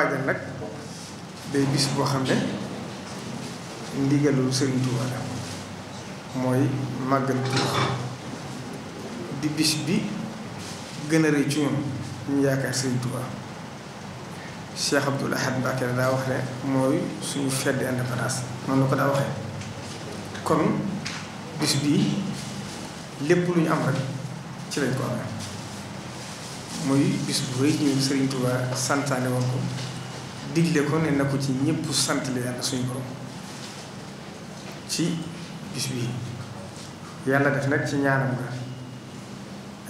waajal nag bis boo xam ne ndigalul Sëriñ Tuuba la bi gën a rëy ci daa wax ne suñu fête ko daa waxee kon bis bii lépp lu ñu am rek ci lañ ko amee muy bis bu rëy ñu Sëriñ Tuuba santaane woon ko digle ko ne na ko ci ñëpp sant la yàlla suñu borom ci bis bi yàlla def nag ci ñaanam nga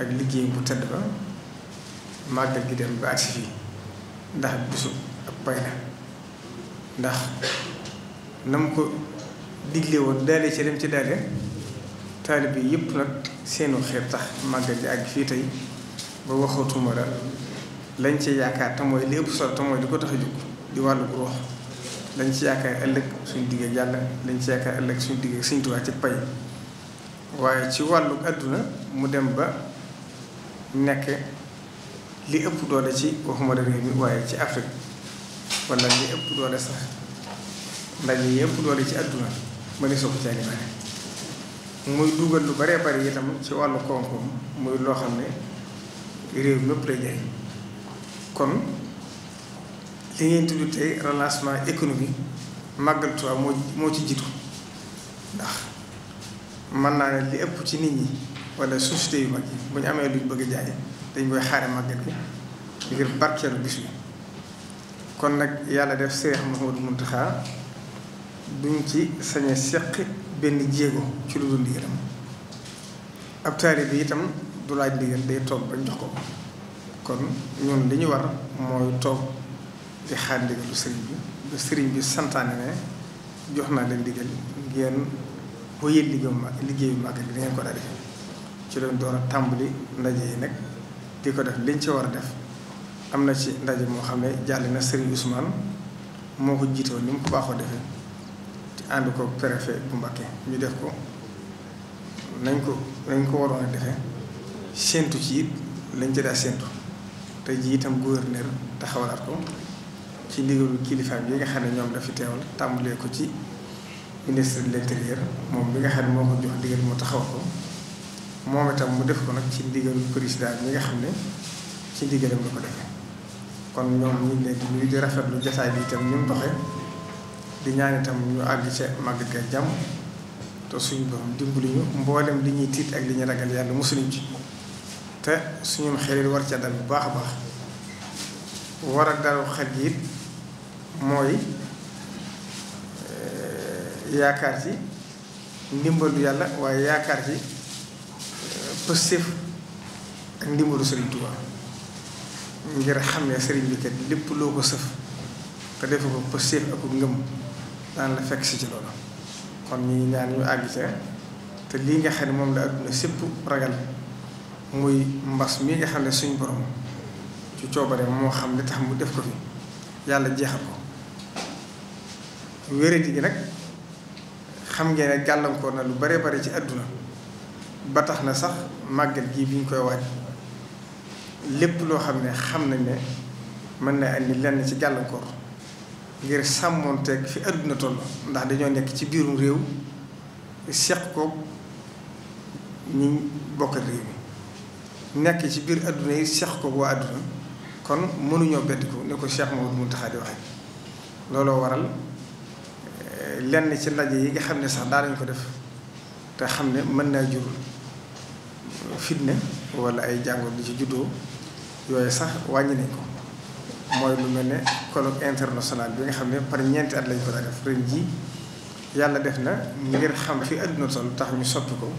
ak liggéey bu tedd ba màggal gi dem ba agsi fii ndax bisu ak bay la ndax na ko digle woon daale ci dem ci daale taalibe yi yëpp nag seenu xeet tax màggal gi ak fii tey ba waxatuma la lañ ci yaakaar te mooy li ëpp solo te mooy ko tax a di wàllu ruux dañ ci yaakaar ëllëg suñu digg yàlla dañ ci yaakaar ëllëg suñu digg Sëriñ Tuubaa ci pay waaye ci wàllu àdduna mu dem ba nekk li ëpp doole ci waxuma réew mi waaye ci Afrique wala li ëpp doole sax ndaje yi ëpp doole ci àdduna ma ne soo ko caa muy dugal lu baree bari itam ci wàllu koom-koom muy loo xam ne réew mépp la jaay kon li ngeen tudd tey relancement économique màggal Tuubaa moo moo ci jiitu ndax mën naa ne li ëpp ci nit ñi wala société yu mag yi bu ñu amee luñ bëgg a jaay dañ koy xaare màggal bi ngir barkeelu bis bi kon nag yàlla def Seex Mahmoud Muntaxa duñ ci sañe seq benn jéego ci lu dul ndigalam ab taari bi itam du laaj ndigal day toog bañ jox ko kon ñun li ñu war mooy toog te xaar ndigalu sëriñ bi ba sëriñ bi santaane ne jox naa leen ndigal ngeen wéyal ma liggéeyu ma bi dangeen ko daa defee ci lañ door a tàmbali ndaje yi nag di ko def liñ ci war a def am na ci ndaje moo xam ne jàll na sëriñ Ousmane moo ko jiitoo ni mu ko baaxoo defee ci ànd ko préfet bu Mbacké ñu def ko nañ ko nañ ko waroon a defee séentu ci it lañ ci daa séentu te ji itam gouverneur taxawalaat ko ci ndigalu kilifaam yi nga xam ne ñoom dafa teewal tàmbalee ko ci ministre de l'intérieur moom bi nga xam ne moo ko jox ndigal moo taxaw ko moom itam mu def ko nag ci ndigalu président bi nga xam ne ci ndigalam la ko defee kon ñoom ñu ngi leen di nuyu di rafetlu jataay bi itam ñu mu di ñaan itam ñu àgg ca màgg ga jàmm te suñu borom dimbali ñu mboolem li ñuy tiit ak li ñuy ragal yàlla mosuñu ci te suñu xel war ca dal bu baax a baax war a dal xel yi mooy euh, yaakaar ci ndimbalu yàlla waaye yaakaar ci euh, pëstéef ak ndimbalu sëriñ Tuubaa ngir xam ne sëriñ bi kat lépp loo ko sëf te defe ko pëstéef ak ngëm daan la fekk si ci loolu kon ñu ñaan ñu àgg ca te lii nga xam ne moom la adduna sépp ragal muy mbas mii nga xam ne suñ borom ci coobare moo xam li tax mu def ko fi yàlla jeexal ko wéradi gi nag xam ngeen ne gàllankoor na lu bare bare ci àdduna ba tax na sax màggal gii bi ñu koy waaj lépp loo xam ne xam nañ ne mën na andi lenn ci gàllankoor ngir sàmmoonteeg fi àdduna toll ndax dañoo nekk ci biirum réew seq ko ñi bokk réew mi nekk ci biir àdduna yi seq ko waa àdduna kon mënuñoo bett ko ne ko Cheikh Mamadou Mountakha di looloo waral lenn ci ndaje yi nga xam ne sax daal lañu ko def te xam ne mën naa jur fitne wala ay jàngoor di ci juddoo yooyu sax wàññi nañ ko mooy lu mel ne colloque international bi nga xam ne par ñeenti at lañ ko daa def ren jii yàlla def na ngir xam fi adduna toll tax ñu soppi ko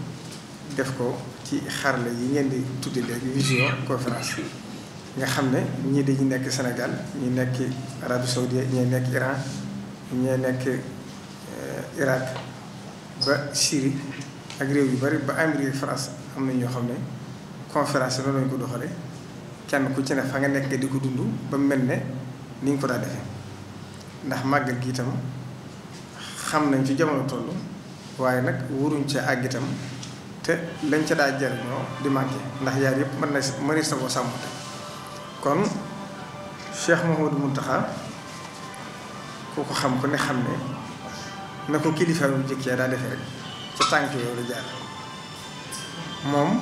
def ko ci xarala yi ngeen di tudde léegi visio conférence nga xam ne ñii dañu nekk Sénégal ñu nekk Arabie Saoudite ñi nekk Iran ñi nekk Irak ba Syrie ak réew yu bari ba Amérique France am na ñoo xam ne conférence yi noonu lañu ko doxale kenn ku ci ne fa nga nekk di ko dund ba mel ne ni ñu ko daa defee ndax màggal gi itam xam nañ ci jamono toll waaye nag waruñ ca àgg itam te lañ ca daa jariñoo di manqué ndax yaar yëpp mën na mënees na koo sàmm kon Cheikh Mouhamadou Mountakha ku ko xam ku ne xam ne na ko kilifaam jëkk yaa daa defee rek ca tànk yooyu la jaar moom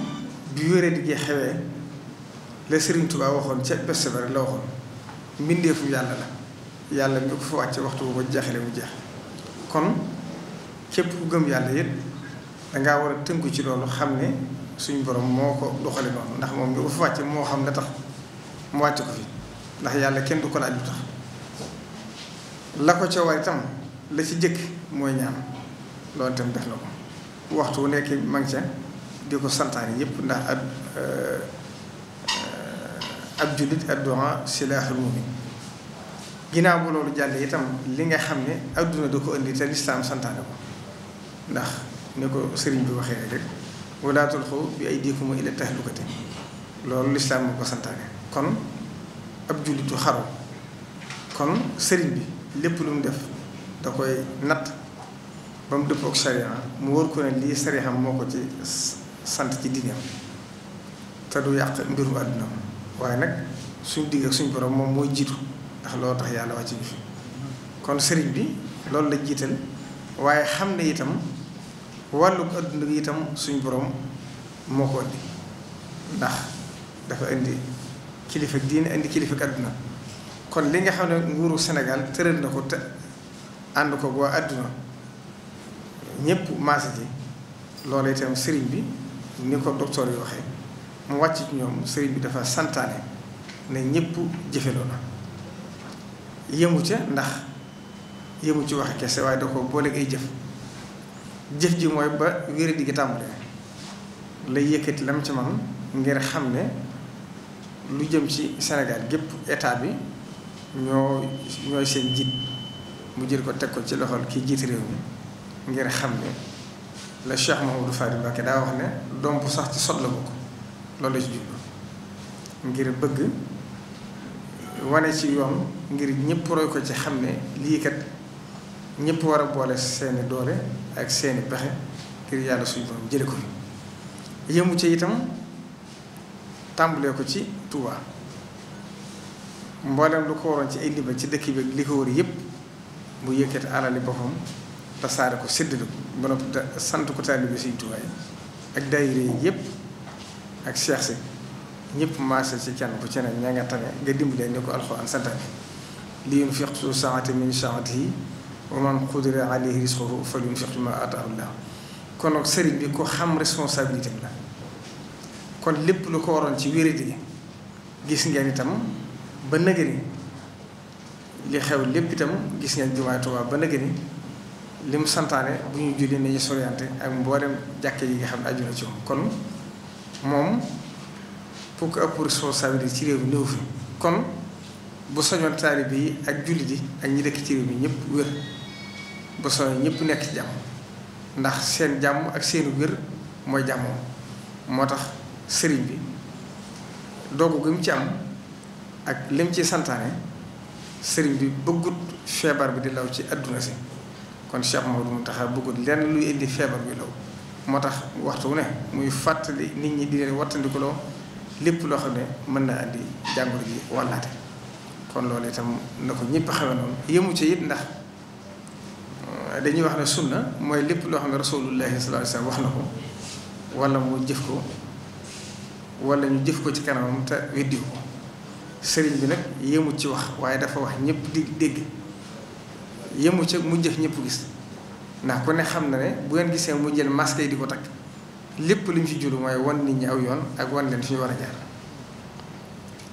bi wéree di xewee la Sëriñ Tuubaa waxoon ca bés ba rek la waxoon mbindeefum yàlla la yàlla mi ko fa wàcce waxtu bu ko jeexale mu jeex kon képp ku gëm yàlla yët dangaa war a tënku ci loolu xam ne suñ borom moo ko doxale noonu ndax moom mi ko fa wàcce moo xam la tax mu wàcce ko fi ndax yàlla kenn du ko laaj lu tax la ko ca war itam la ci jëkk mooy ñaan loolu tam def na ko waxtu wu nekk mag di ko santaane yëpp ndax ab euh, ab jullit addu'a silaaxul mu'min ginnaaw bu loolu jàllee itam li nga xam ne àdduna da ko indi te lislaam santaane ko ndax ni ko sëriñ bi waxee rek walaa tulquu bi aydiikum ilaa tahlukati loolu lislaam moo ko santaane kon ab jullitu xaru kon sëriñ bi lépp lu mu def da koy natt ba mu dëppoo ak mu wóor ko ne lii sariya moo ko ci sant ci diineem te du yàq mbirum àdduna waaye nag suñ digg ak suñ borom moom mooy jiitu ndax loolu tax yàlla wàcc bi fi kon sëriñ bi loolu la jiital waaye xam ne itam wàllu adduna gi itam suñ boroom moo ko indi ndax dafa indi kilifa diin indi kilifa adduna kon li nga xam ne nguuru Sénégal tëral na ko te ànd ko waa àdduna ñëpp maase ji loolu itam sëriñ bi ni ko docteur yi waxee mu wàcc ñoom sëriñ bi dafa santaane ne ñëpp jëfe la yëmu ca ndax yëmu ci waxe kese waaye da ko boole ay jëf jëf ji mooy ba wéra digg tàmbalee la yëkkati lam ci man ngir xam ne lu jëm ci Sénégal gépp état bi ñoo ñooy seen jiit mu jël ko teg ko ci loxol ki jiit réew mi ngir xam ne la Cheikh Mahamadou Fadi Mbacké daa wax ne domp sax ci sot la bokk loolu ci jublu ngir bëgg wane ci yoon ngir ñëpp roy ko ci xam ne lii kat ñépp war a boole seeni doole ak seeni pexe ngir yàlla suñu borom jële ko yëmu ci itam tàmbulee ko ci Touba mboolem lu ko ci ay ci dëkk li ko wër yëpp bu yëkkati alali boppam tasaare ko séddale ko ba noppi sant ko taalibe Sëriñ Tuubaa yi ak daayira yi yëpp ak Cheikh si ñëpp maase ci kenn ku ci ne ña nga tane nga dimbale ni ko alxuraan santaane li yunfiq su saati min saatihi wa man qudira alayhi rizquhu falyunfiq mimmaa aataahu kon nag sëriñ bi ko xam la lépp lu ko waroon ci wéradi gis ngeen itam ba nëgëri li xew lépp itam gis ngeen jumaay Tuubaa ba nag ni li mu santaane bu ñu julli nañu soriante ak mboolem jàkke yi nga xam ne aju na ci moom kon moom pour que ëpp responsabilité ci réew mi néew fi kon bu soñoon taalibe yi ak julli di ak ñi dëkk ci réew mi ñëpp wér ba soñoon ñëpp nekk ci jàmm ndax seen jàmm ak seenu wér mooy jàmmoo moo tax sëriñ bi doogu gi mu ci am ak lim ci santaane sëriñ bi bëggut feebar bi di law ci àdduna si kon Cheikh Maodo Mountakha bëggut lenn luy indi feebar bi law moo tax waxtu wu ne muy fàttali nit ñi di leen wattandikuloo lépp loo xam ne mën na andi jàngoro ji wàllaate kon loolu itam na ko ñëpp xame noonu yëmu ci it ndax euh, dañuy wax ne sunna mooy lépp loo xam ne rasulullahi sallallahu alayhi wax na ko wala moo jëf ko wala ñu jëf ko ci kanamam te weddi ko sëriñ bi nag yëmu ci wax waaye dafa wax ñëpp di dégg yëmu ci mu jëf ñëpp gis ndax ku ne xam na ne bu ngeen gisee mu jël masque yi di ko takk lépp lu ñu fi julu mooy wan nit ñi aw yoon ak wan leen fi ñu war a jaar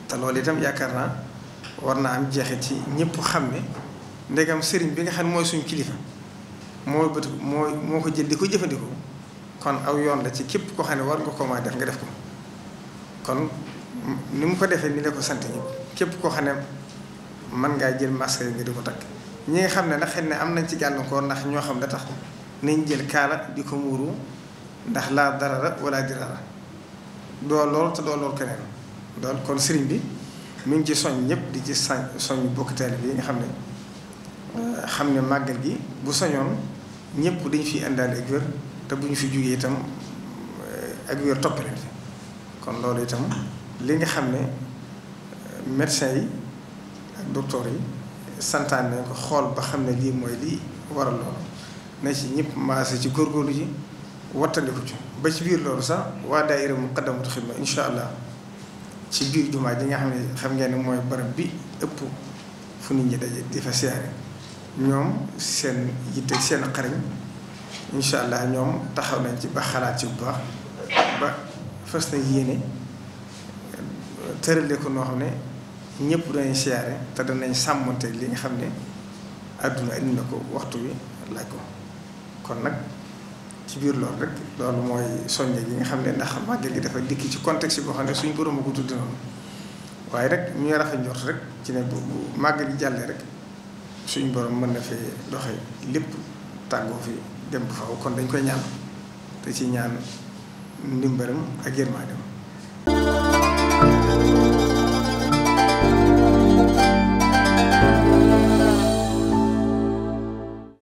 te loolu itam yaakaar naa war naa am jeexe ci ñëpp xam ne ndegam sëriñ bi nga xam ne mooy suñ kilifa moo bët moo moo ko jël di ko jëfandikoo kon aw yoon la ci képp koo xam ne war nga ko ma def nga def ko kon ni mu ko defee ni la ko sante ñëpp képp koo xam ne man ngaa jël masque nga di ko takk ñi nga xam ne nag xëy ne am nañ ci gàllankoor ndax ñoo xam da tax nañ jël kaala di ko muuru ndax laa darara wala dirara doo lool te doo lool keneen doon kon sëriñ bi mu ngi ci soñ ñëpp di ci sañ soñ bokkitaal bi nga xam ne euh, xam ne màggal gi bu soñoon ñëpp dañ fi indaale ak wér te bu ñu fi jógee itam euh, ak wér toppalante kon loolu itam li nga xam ne médecin yi ak docteur yi santaan nañ ko xool ba xam ne lii mooy lii waral loolu na ci ñëpp maase ci góorgóorlu ji wattandiku ci ba ci biir loolu sax waa daayira Muqaddamatul Xidma incha allah ci biir jumaa ji nga xam ne xam ngeen ne mooy barab bi ëpp fu nit ñi daje di fa siyaare ñoom seen yitte seen xariñ incha allah ñoom taxaw nañ ci ba xalaat ci bu baax ba fas na yéene tëralee ko noo xam ne ñëpp danañ siyaare te danañ sàmmonte li nga xam ne àdduna indi na ko waxtu wi laaj ko kon nag ci biir loolu rek loolu mooy soññe gi nga xam ne ndax màggal gi dafa dikk ci contexte boo xam ne suñ borom a ko tudd noonu waaye rek ñu rafet njort rek ci ne bu màggal gi jàllee rek suñ boroom mën na fee doxe lépp tàggoo fi dem bu faw kon dañ koy ñaan te ci ñaan ndimbalam ak yërmaandeem 啊！